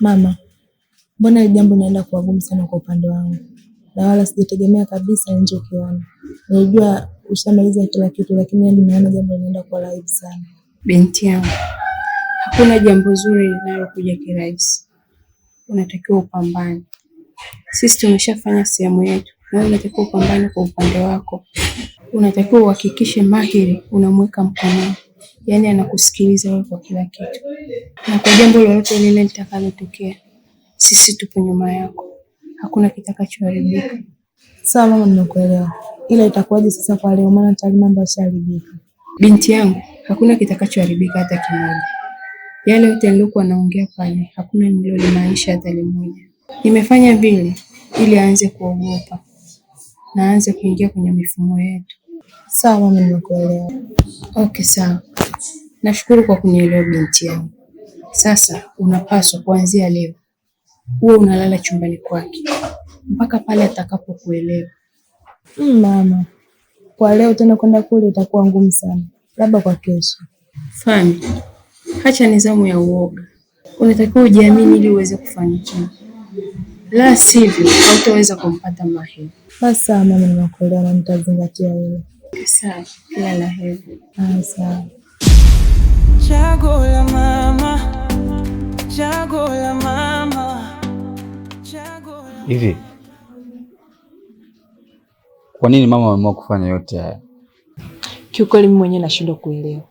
Mama, mbona hili jambo linaenda kuwa gumu sana kwa upande wangu, na wala sijategemea kabisa ukiona Najua ushamaliza kila kitu, lakini yani naona jambo linaenda kuwa rahisi sana. Binti yangu, hakuna jambo zuri linalokuja kirahisi, unatakiwa upambane. Sisi tumeshafanya sehemu yetu, nawe unatakiwa upambane kwa upande wako. Unatakiwa uhakikishe mahiri unamweka mkononi yaani anakusikiliza wewe kwa kila kitu, na kwa jambo lolote lile litakalotokea, sisi tupo nyuma yako, hakuna kitakachoharibika. Sawa mama, nimekuelewa, ila itakuwaje sasa kwa leo? Maana tayari mambo yashaharibika. Binti yangu, hakuna kitakachoharibika hata kimoja. Yale yote nilikuwa naongea pale, hakuna nililomaanisha hata limoja. Nimefanya vile ili aanze kuogopa na aanze kuingia kwenye mifumo yetu. Sawa mama, nimekuelewa. Okay, sawa. Nashukuru kwa kunielewa binti yangu. Sasa unapaswa kuanzia leo uwe unalala chumbani kwake mpaka pale atakapokuelewa. Mm, mama, kwa leo tena kwenda kule itakuwa ngumu sana, labda kwa kesho. Fani, hacha nizamu ya uoga, unatakiwa ujiamini ili uweze kufanikiwa, la sivyo hautaweza kumpata Mahi. Basi mama, nimekuelewa na nitazingatia hilo. Ah, sawa, kila la heri. Chaguo la mama, chaguo la mama, chaguo la... Hivi kwa nini mama ameamua kufanya yote haya? Kiukweli mimi mwenyewe nashindwa kuelewa.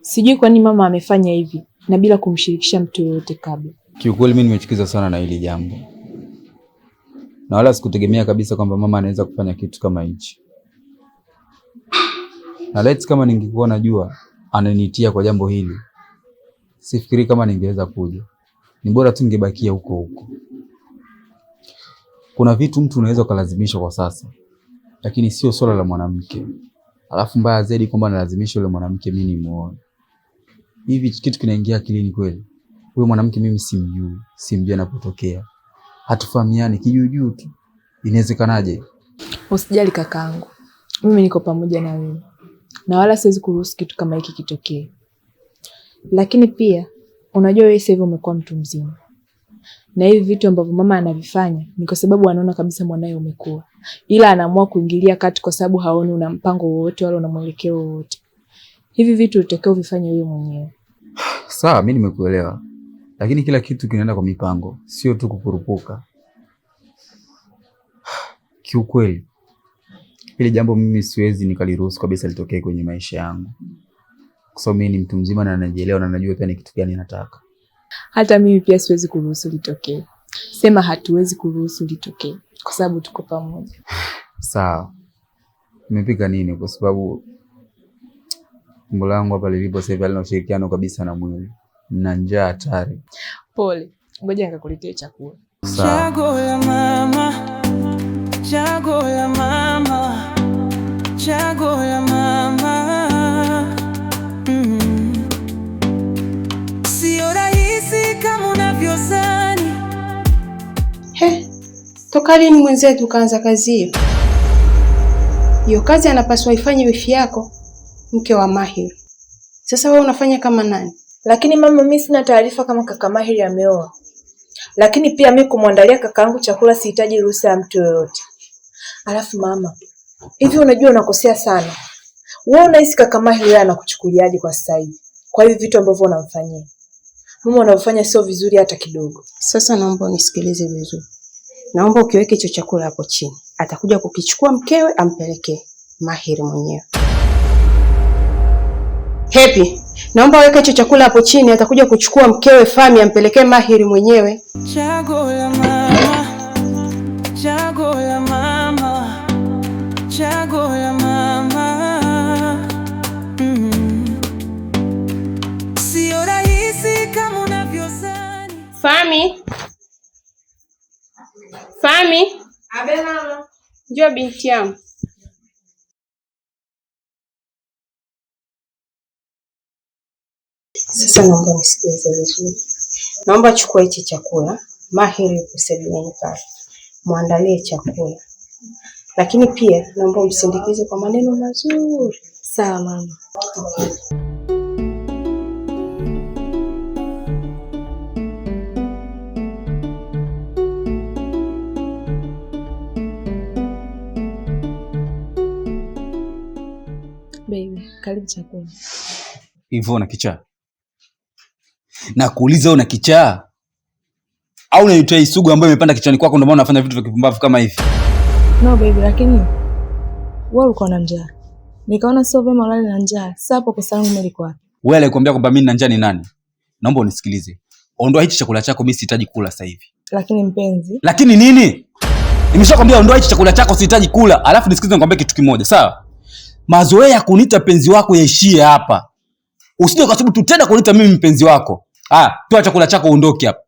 Sijui kwa nini mama amefanya hivi na bila kumshirikisha mtu yoyote kabla. Kiukweli mimi nimechukizwa sana na hili jambo, na wala sikutegemea kabisa kwamba mama anaweza kufanya kitu kama hichi na let's, kama ningekuwa najua ananitia kwa jambo hili, sifikiri kama ningeweza kuja. Ni bora tu ningebakia huko huko. Kuna vitu mtu unaweza ukalazimishwa kwa sasa, lakini sio swala la mwanamke, alafu mbaya zaidi kwamba nalazimisha yule mwanamke mimi nimuoe. Hivi kitu kinaingia akilini kweli? Huyo mwanamke mimi simjui, simjui anapotokea, hatufahamiani kijuujuu tu, inawezekanaje? Usijali kakaangu, mimi niko pamoja na wewe na wala siwezi kuruhusu kitu kama hiki kitokee. Lakini pia unajua wewe sasa hivi umekuwa mtu mzima, na hivi vitu ambavyo mama anavifanya ni kwa sababu anaona kabisa mwanaye umekuwa, ila anaamua kuingilia kati kwa sababu haoni una mpango wowote wala una mwelekeo wowote. Hivi vitu utakao vifanye wewe mwenyewe. Sawa, mimi nimekuelewa, lakini kila kitu kinaenda kwa mipango, sio tu kukurupuka. Kiukweli Hili jambo mimi siwezi nikaliruhusu kabisa litokee kwenye maisha yangu, kwa sababu mimi ni mtu mzima na najielewa na najua pia ni kitu gani nataka. Hata mimi pia siwezi kuruhusu litokee. Sema hatuwezi kuruhusu litokee kwa sababu tuko pamoja. Sawa, nimepika nini? Kwa sababu tumbo langu hapa lilipo sasa hivi halina ushirikiano kabisa na mwili na njaa hatari. Pole, ngoja nikakuletea chakula. Chaguo la mama, chaguo la mama. He, toka lini mwenzetu kaanza kazi hiyo? Hiyo kazi anapaswa ifanye wifi yako, mke wa Mahiri. Sasa wewe unafanya kama nani? Lakini mama, mimi sina taarifa kama kaka Mahiri ameoa, lakini pia mimi kumwandalia kakaangu chakula sihitaji ruhusa ya mtu yoyote. Alafu mama, hivi unajua unakosea sana. Wewe unahisi kaka Mahiri anakuchukuliaje kwa sasa hivi, kwa hivi vitu ambavyo unamfanyia? mama wanaofanya sio vizuri hata kidogo. Sasa naomba unisikilize vizuri, naomba ukiweke hicho chakula hapo chini, atakuja kukichukua mkewe ampelekee Mahiri mwenyewe. Hepi, naomba weke hicho chakula hapo chini, atakuja kuchukua mkewe Fami ampelekee Mahiri mwenyewe. Chago mama, chago mama. Fahmi, Fahmi, njoo binti yangu. Sasa naomba nisikilize vizuri, naomba chukua hichi chakula. Mahiri kusedienka mwandalie chakula, lakini pia naomba umsindikize kwa maneno mazuri. Sawa mama. Okay. Karibu chakula. Hivyo una kichaa? Nakuuliza una kichaa au unaitwa isugu sugu ambayo imepanda kichwani kwako, ndio maana unafanya vitu vya kipumbavu kama hivi? No baby, lakini wewe ulikuwa na njaa, nikaona sio vema ulale na njaa. Sasa hapo kosa langu mimi liko wapi? Wewe alikwambia kwamba mimi na njaa ni nani? Naomba unisikilize, ondoa hichi chakula chako, mimi sihitaji kula sasa hivi. Lakini mpenzi, lakini nini? Nimeshakwambia ondoa hichi chakula chako, sihitaji kula. Alafu nisikize, nikwambie kitu kimoja, sawa? mazoea ya kuniita mpenzi wako yaishie hapa. Usije ukasubutu tena kuniita mimi mpenzi wako. Ah, toa chakula chako uondoke hapa.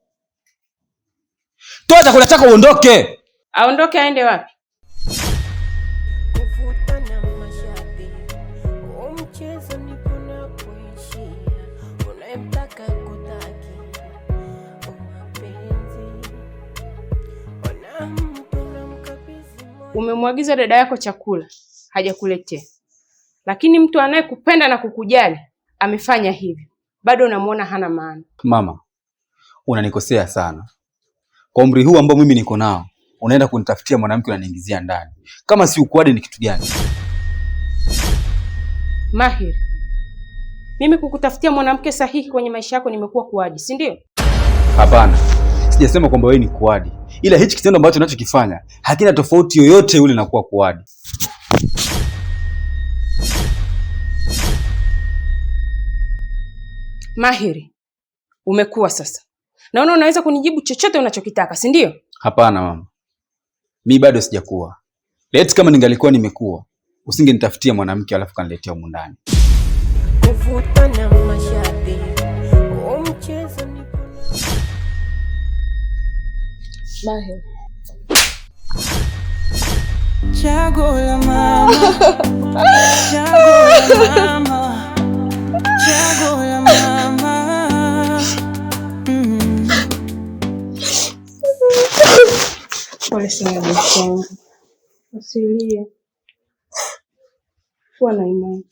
Toa chakula chako uondoke. Aondoke aende wapi? Umemwagiza dada yako chakula hajakuletea lakini mtu anayekupenda na kukujali amefanya hivyo, bado unamwona hana maana. Mama, unanikosea sana. Kwa umri huu ambao mimi niko nao, unaenda kunitafutia mwanamke unaniingizia ndani, kama si ukuadi ni kitu gani? Mahir, mimi kukutafutia mwanamke sahihi kwenye maisha yako nimekuwa kuadi, si ndio? Hapana, sijasema kwamba wewe ni kuadi, ila hichi kitendo ambacho unachokifanya hakina tofauti yoyote yule na kuwa kuadi. Mahiri umekuwa sasa, naona unaweza kunijibu chochote unachokitaka, si ndio? Hapana mama, mi bado sijakuwa. Leti kama ningalikuwa nimekuwa, usingenitafutia mwanamke alafu kaniletea humu ndani. mama, mama, mama. Wala sina binti usilie, kuwa na imani.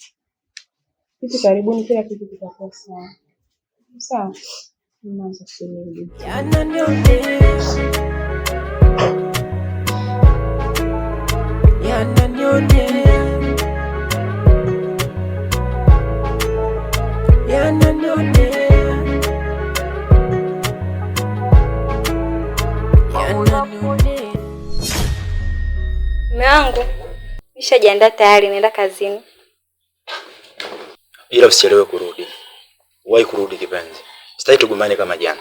Hivi karibuni kila kitu kitakuwa sawa, sawa? Mwanzo sirudi nimejiandaa tayari, naenda kazini. Ila usichelewe kurudi, wahi kurudi kipenzi, sitaki tugombane kama jana.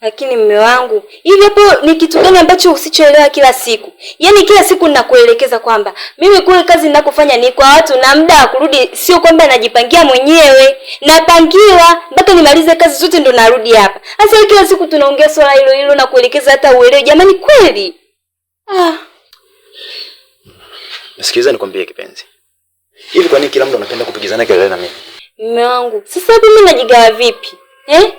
Lakini mme wangu, hivi hapo ni kitu gani ambacho usichoelewa kila siku? Yaani kila siku ninakuelekeza kwamba mimi kule kazi ninakofanya ni kwa watu na muda wa kurudi sio kwamba najipangia mwenyewe, napangiwa mpaka nimalize kazi zote ndo narudi hapa. Sasa kila siku tunaongea swala hilo hilo na kuelekeza hata uelewe. Jamani kweli. Ah. Sikiliza nikwambie kipenzi. Hivi kwa nini kila mtu anapenda kupigizana kelele na mimi? Mume wangu, sasa mimi najigawa vipi? Eh?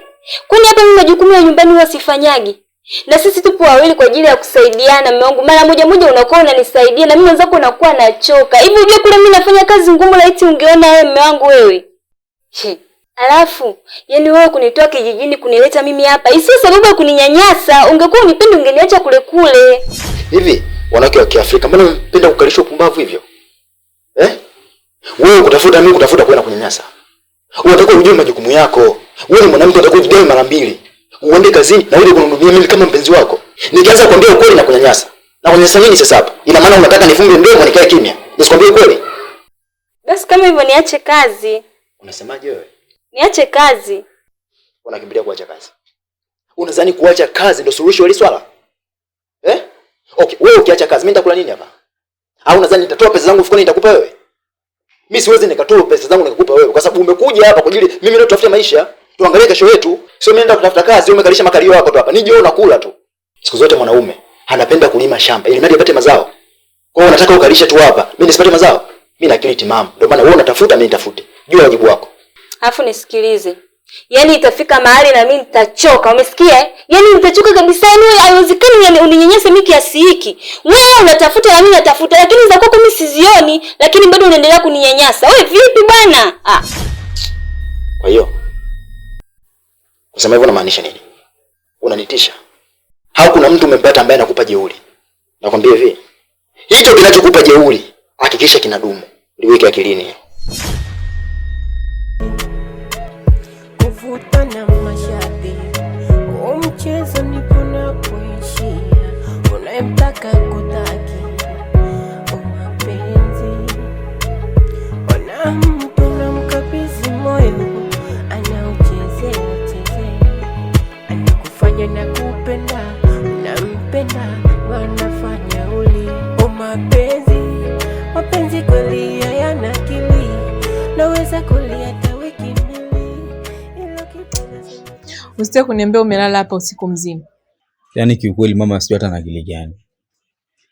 Kwani hata mimi majukumu ya nyumbani huwa sifanyagi? Na sisi tupo wawili kwa ajili ya kusaidiana mume wangu. Mara moja moja unakuwa unanisaidia na mimi wenzako unakuwa nachoka. Hivi ujue kule mimi nafanya kazi ngumu laiti ungeona wewe mume wangu wewe. Alafu, yani wewe kunitoa kijijini kunileta mimi hapa. Isiyo sababu ya kuninyanyasa, ungekuwa unipendi ungeniacha kule kule. Hivi wanawake wa Kiafrika, mbona mpenda kukalisha upumbavu hivyo eh? Wewe kutafuta mimi kutafuta kwenda kunyanyasa. Unatakiwa ujue majukumu yako. Wewe ni mwanamke, unatakiwa ujidai mara mbili, uende kazini na uje kunihudumia mimi kama mpenzi wako. Nikianza kuambia ukweli na kunyanyasa na kunyanyasa nini sasa hapa? Ina maana unataka nifunge mdomo nikae kimya nisikwambie ukweli? Basi kama hivyo niache kazi. Unasemaje wewe? Niache kazi. Unakimbilia kuacha kazi? Unadhani kuacha kazi ndio suluhisho ya swala? Okay, wewe ukiacha kazi mimi nitakula nini hapa? Au nadhani nitatoa pesa zangu mfukoni nitakupa wewe? Mimi siwezi nikatoa pesa zangu nikakupa wewe kwa sababu umekuja hapa kwa ajili mimi leo tutafuta maisha, tuangalie kesho yetu. Sio mimi naenda kutafuta kazi, umekalisha makalio yako tu hapa. Nije unakula tu. Siku zote mwanaume anapenda kulima shamba ili mradi apate mazao. Kwa hiyo unataka ukalisha tu hapa, mimi nisipate mazao? Mimi na akili timamu. Ndio maana wewe unatafuta, mimi nitafute. Jua wajibu wako. Alafu nisikilize. Yaani itafika mahali na mimi nitachoka, umesikia? Yaani nitachoka kabisa, yaani haiwezekani yaani uninyenyese mimi kiasi hiki. Wewe unatafuta na mimi natafuta, lakini za kwako mimi sizioni, lakini bado unaendelea kuninyanyasa. Wewe vipi bwana? Ah. Kwa hiyo kusema hivyo unamaanisha nini? Unanitisha? Hau kuna mtu umempata ambaye anakupa jeuri. Nakwambia hivi. Hicho kinachokupa jeuri hakikisha kinadumu. Liweke akilini. wewe mpaka kutaki umapenzi wanampenda mkabizi moyo anauchezea chezea, anakufanya na kupenda, unampenda wanafanya uli umapenzi. Mapenzi kweli hayana akili, naweza kulia hata wiki mbili. Usitaki kuniambia umelala hapa usiku mzima. Yaani kiukweli mama sio hata na akili gani.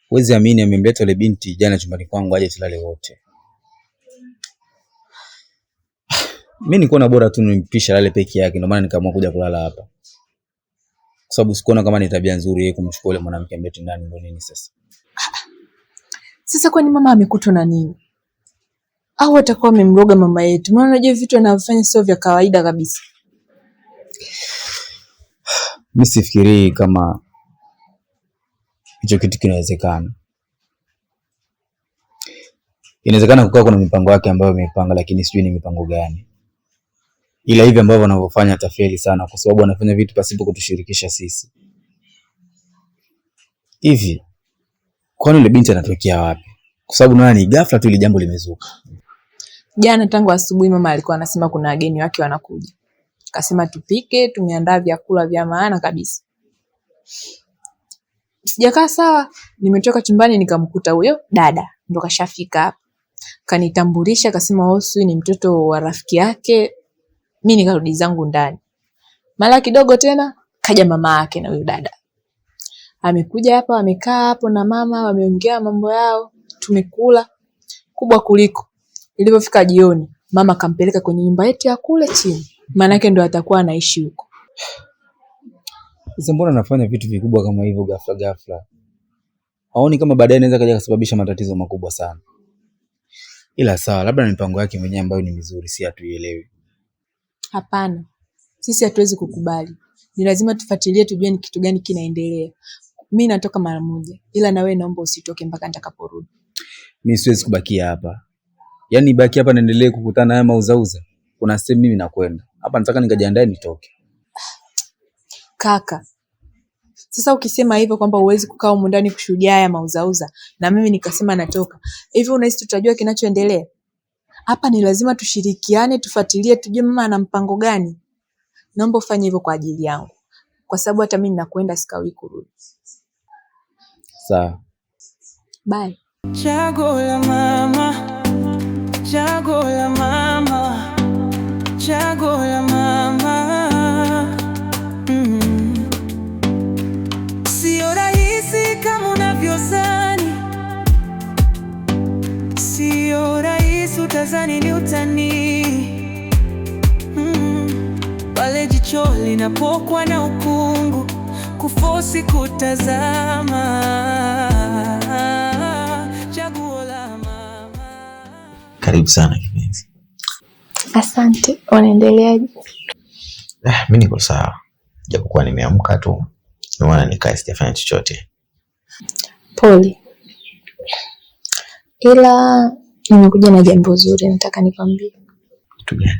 Huwezi amini amemleta ile binti jana chumbani kwangu aje tulale wote. Mimi nilikuwa bora tu nimpisha lale peke yake ndio maana nikaamua kuja kulala hapa. Kwa sababu sikuona kama ni tabia nzuri yeye kumchukua yule mwanamke ambaye ndani ndio nini sasa. Sasa kwa nini mama amekutwa na nini? Au atakuwa amemroga mama yetu? Maana unajua vitu anavyofanya sio vya kawaida kabisa mi sifikirii kama hicho kitu kinawezekana. Inawezekana kukaa kuna mipango yake ambayo amepanga, lakini sijui ni mipango gani, ila hivi ambavyo anavyofanya atafeli sana, kwa sababu anafanya vitu pasipo kutushirikisha sisi. Hivi kwani ile binti anatokea wapi? Kwa sababu naona ni ghafla tu ile jambo limezuka jana. Tangu asubuhi mama alikuwa anasema kuna wageni wake wanakuja Tukasema tupike, tumeandaa vyakula vya maana kabisa. Sijakaa sawa, nimetoka chumbani nikamkuta huyo dada ndo kashafika hapa. Kanitambulisha kasema Osu oh, ni mtoto wa rafiki yake. Mi nikarudi zangu ndani. Mara kidogo tena kaja mama yake na huyo dada. Amekuja hapa amekaa hapo na mama wameongea mambo yao, tumekula kubwa kuliko. Ilivyofika jioni, mama kampeleka kwenye nyumba yetu ya kule chini maanake ndo atakuwa anaishi huko. Sasa mbona anafanya vitu vikubwa kama hivyo ghafla ghafla? Haoni kama baadaye anaweza kaja kusababisha matatizo makubwa sana? Ila sawa, labda mipango yake mwenyewe ambayo ni mizuri, si hatuielewi. Hapana, sisi hatuwezi kukubali, ni lazima tufuatilie, tujue ni kitu gani kinaendelea. Mi natoka mara moja, ila na wewe naomba usitoke mpaka nitakaporudi. Mi siwezi kubakia hapa, yaani baki hapa naendelee kukutana haya mauzauza. Kuna sehemu mimi nakwenda hapa nataka nikajiandae nitoke. Kaka, sasa ukisema hivyo kwamba huwezi kukaa humu ndani kushuhudia haya mauzauza na mimi nikasema natoka, hivyo unahisi tutajua kinachoendelea hapa? Ni lazima tushirikiane, tufuatilie, tujue mama ana mpango gani. Naomba ufanye hivyo kwa ajili yangu, kwa sababu hata mimi ninakwenda, sikawi kurudi. Sawa, bye. Chaguo la mama, chaguo la mama. Chaguo la mama mm Sio rahisi kama unavyozani, sio rahisi, utazani ni utani mm -hmm. jicho linapokwa na ukungu, kufosi kutazama. Karibu sana Asante, unaendeleaje? Eh, mi niko sawa, japokuwa nimeamka tu, ndio nikae sijafanya chochote. Pole, ila nimekuja na jambo zuri, nataka nikwambie. Kitu gani?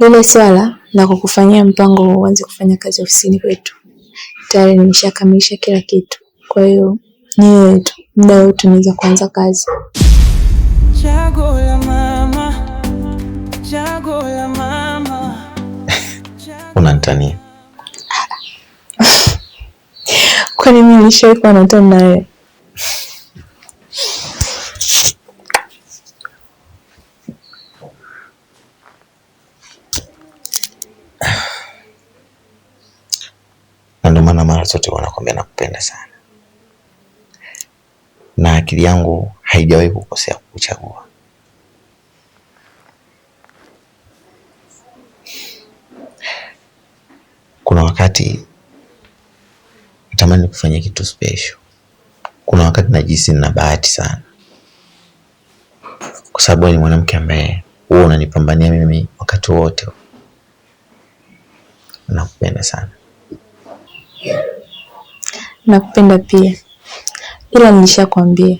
Lile swala la kukufanyia mpango uanze kufanya kazi ofisini kwetu tayari nimeshakamilisha kila kitu, kwa hiyo ni tu, muda wote unaweza kuanza kazi. Chaguo Unanitania kwani mimi nilishawahi kuwa natani naye? Na ndio maana mara zote wanakwambia nakupenda sana, na akili yangu haijawahi kukosea kuchagua wakati natamani kufanya kitu special. Kuna wakati jisi nina bahati sana, kwa sababu ni mwanamke ambaye huwa unanipambania mimi wakati wote. Nakupenda sana. Nakupenda pia, ila nilishakwambia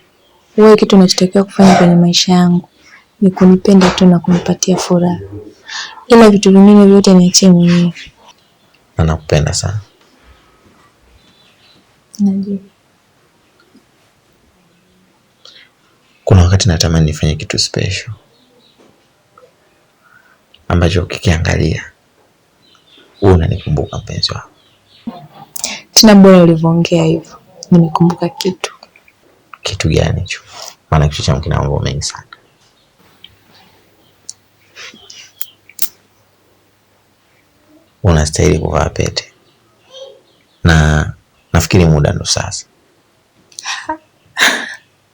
wewe, kitu unachotakiwa kufanya kwenye maisha yangu ni kunipenda tu na kunipatia furaha, ila vitu vingine vyote niachie mwenyewe na nakupenda sana. Kuna wakati natamani nifanye kitu special ambacho ukikiangalia wewe unanikumbuka mpenzi wako. Tena bora ulivyoongea hivyo, nimekumbuka kitu. Kitu gani hicho? Maana kichwa changu kina mambo mengi sana. unastahili kuvaa pete, na nafikiri muda ndo sasa.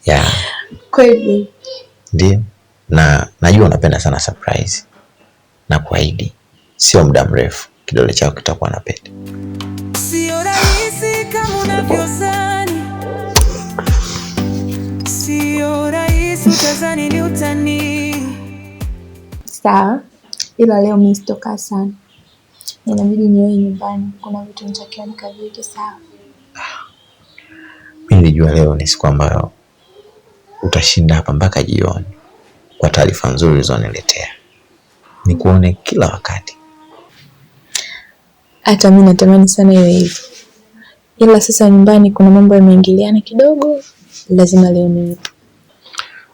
ya Kweli ndio, na najua unapenda sana surprise na kuahidi, sio muda mrefu kidole chako kitakuwa na pete. Sio rahisi kama unavyozani, sio rahisi utazani ni utani. Sawa, ila leo mimi sitoka sana inabidi niwe nyumbani, kuna vitu nitakiwa nikaviweke sawa. Mi nilijua leo ni siku ambayo utashinda hapa mpaka jioni, kwa taarifa nzuri ulizoniletea, nikuone kila wakati. Hata mi natamani sana iwe hivyo, ila sasa nyumbani kuna mambo yameingiliana kidogo, lazima leo ni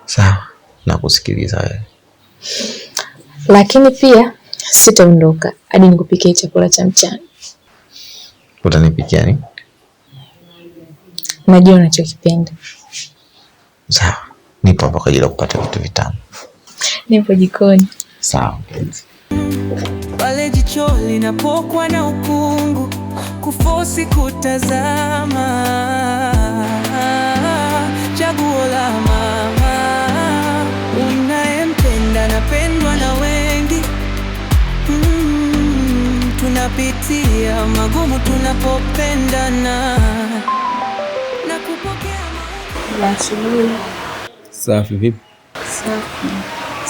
sawa. Nakusikiliza wewe, lakini pia Sitaondoka hadi nikupikie chakula cha mchana. Utanipikia ni? Najua unachokipenda. Sawa, nipo hapa kwa ajili ya kupata vitu vitamu. Nipo jikoni. Sawa. Pale jicho linapokuwa na ukungu, kufosi kutazama chaguo la tunapitia magumu tunapopendana na kupokea asubuhi. Safi vipi? Safi.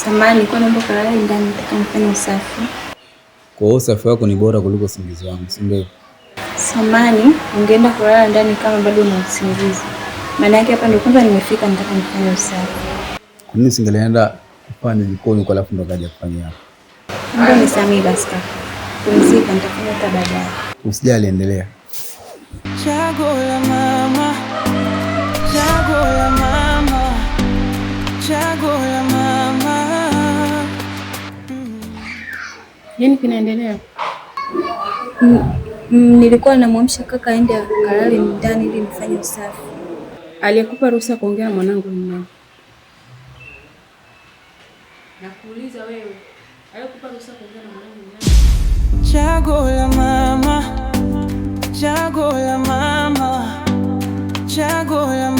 Samani kwa naomba kalala ndani, nataka nifanye usafi. Kwa hiyo usafi wako ni bora kuliko usingizi wangu, si ndio? Samani, ungeenda kulala ndani kama bado una usingizi. Maana yake hapa ndio kwanza nimefika, nataka nifanye usafi. Kwa nini singelienda kufanya jikoni kwa alafu ndo kaja kufanya hapa? Ndio Nisamehe basi kaka kupumzika, nitafuta baadaye. Usijali, endelea. Chago la mama, chago la mama, chago la mama. Nini kinaendelea? Nilikuwa namwamsha kaka aende akalale ndani ili nifanye usafi. Aliyekupa ruhusa kuongea mwanangu? Chaguo la mama, chaguo la mama, chaguo la mama.